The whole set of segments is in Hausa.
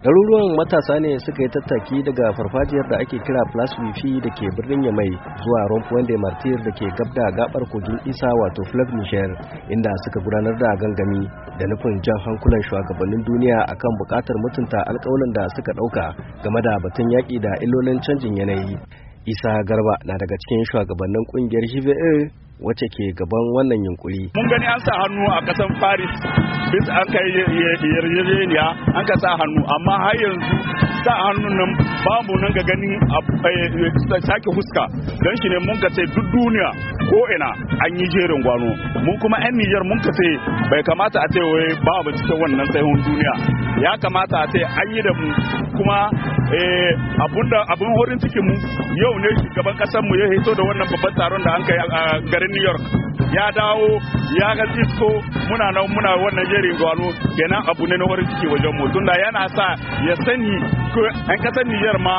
daruruwan matasa ne suka yi tattaki daga farfajiyar da ake kira Place da ke birnin Yamai zuwa Rompuan de Martir da ke gab da gabar kogin Isa wato flag michel inda suka gudanar da gangami da nufin jan hankulan shugabannin duniya akan bukatar mutunta alƙawalin da suka ɗauka game da batun yaki da illolin canjin yanayi. Isa Garba na daga cikin shugabannin ƙungiyar GVA wacce ke gaban wannan yunkuri. Mun gani an sa hannu a kasan Paris bis an kai yarjejeniya an ka sa hannu amma har yanzu sa hannun nan babu nan ga a eh, eh, sake fuska don shi ne mun ka ce duk duniya ko ina an yi jerin gwano mun kuma 'yan Nijar mun ka ce bai kamata a ce wai babu cikin wannan hun duniya ya kamata a ce an yi da mu kuma eh, abun horin cikin mu yau ne shugaban kasar mu ya hito da wannan babban taron da an kai a garin New York ya dawo ya ga isko muna nan muna wannan jerin gwalo kenan abu ne na horin ciki wajen mu tunda yana sa ya sani an kasar Niger ma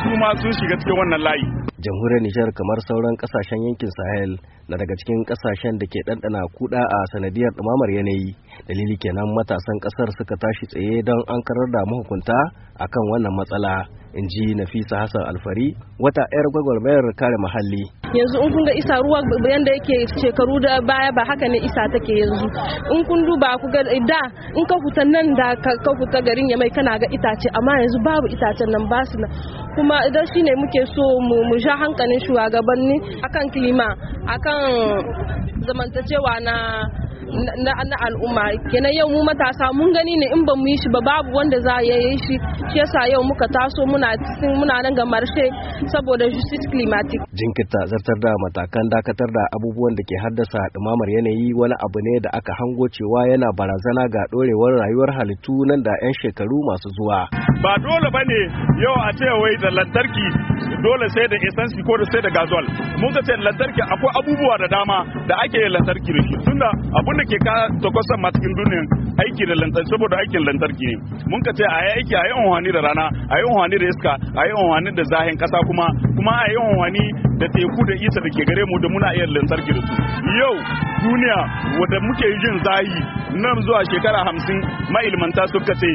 su ma sun shiga cikin wannan layi jamhuriyar Nijar kamar sauran kasashen yankin Sahel na daga cikin kasashen da ke ɗanɗana kuɗa a sanadiyar ɗumamar yanayi. Dalili kenan matasan ƙasar suka tashi tsaye don an karar da mahukunta a kan wannan matsala, in ji Nafisa Hassan Alfari, wata 'yar gwagwarmayar kare muhalli. yanzu in kun ga isa ruwa yanda yake shekaru da baya ba haka ne isa take yanzu in kun duba ku ga da in ka fita nan da ka fita garin ya mai kana ga itace amma yanzu babu itacen nan ba su kuma idan shine muke so mu sha hankalin shugabanni akan kilima akan zamantacewa na na al'umma kenan yau mu matasa mun gani ne in ba mu yi shi ba babu wanda za ya yi shi shi yasa yau muka taso muna cikin muna nan ga marshe saboda justice climatic jinkirta zartar da matakan dakatar da abubuwan da ke haddasa dumamar yanayi wani abu ne da aka hango cewa yana barazana ga dorewar rayuwar halittu nan da 'yan shekaru masu zuwa ba dole ba ne yau a ce wai da lantarki dole sai da esansi ko sai da gazol mun ga ce lantarki akwai abubuwa da dama da ake lantarki da tunda abun da ke ka takwasan ma cikin duniyan aiki da lantarki saboda aikin lantarki ne mun ka ce a yi aiki a yi unhwani da rana a yi unhwani da iska a yi unhwani da zahin kasa kuma kuma a yi unhwani da teku da isa da ke gare mu da muna iya lantarki da su yau duniya wadda muke jin zahi nan zuwa shekara hamsin ma'ilmanta suka ce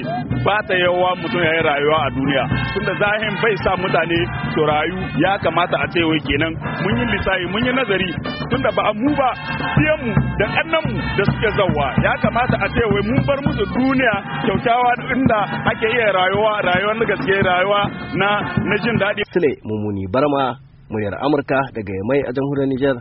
ba ta yawa mutum ya yi rayuwa a duniya tunda zahin bai sa mutane su rayu ya kamata a ce wai kenan mun yi lissafi mun yi nazari tunda ba mu ba biyan mu da da kannanmu da suke zauwa ya kamata a ce wai mun bar musu duniya kyautawa inda ake iya rayuwa rayuwar gaske rayuwa na jin daɗi. Sule Mumuni Barma muryar Amurka daga Yamai a jamhuriyar Nijar.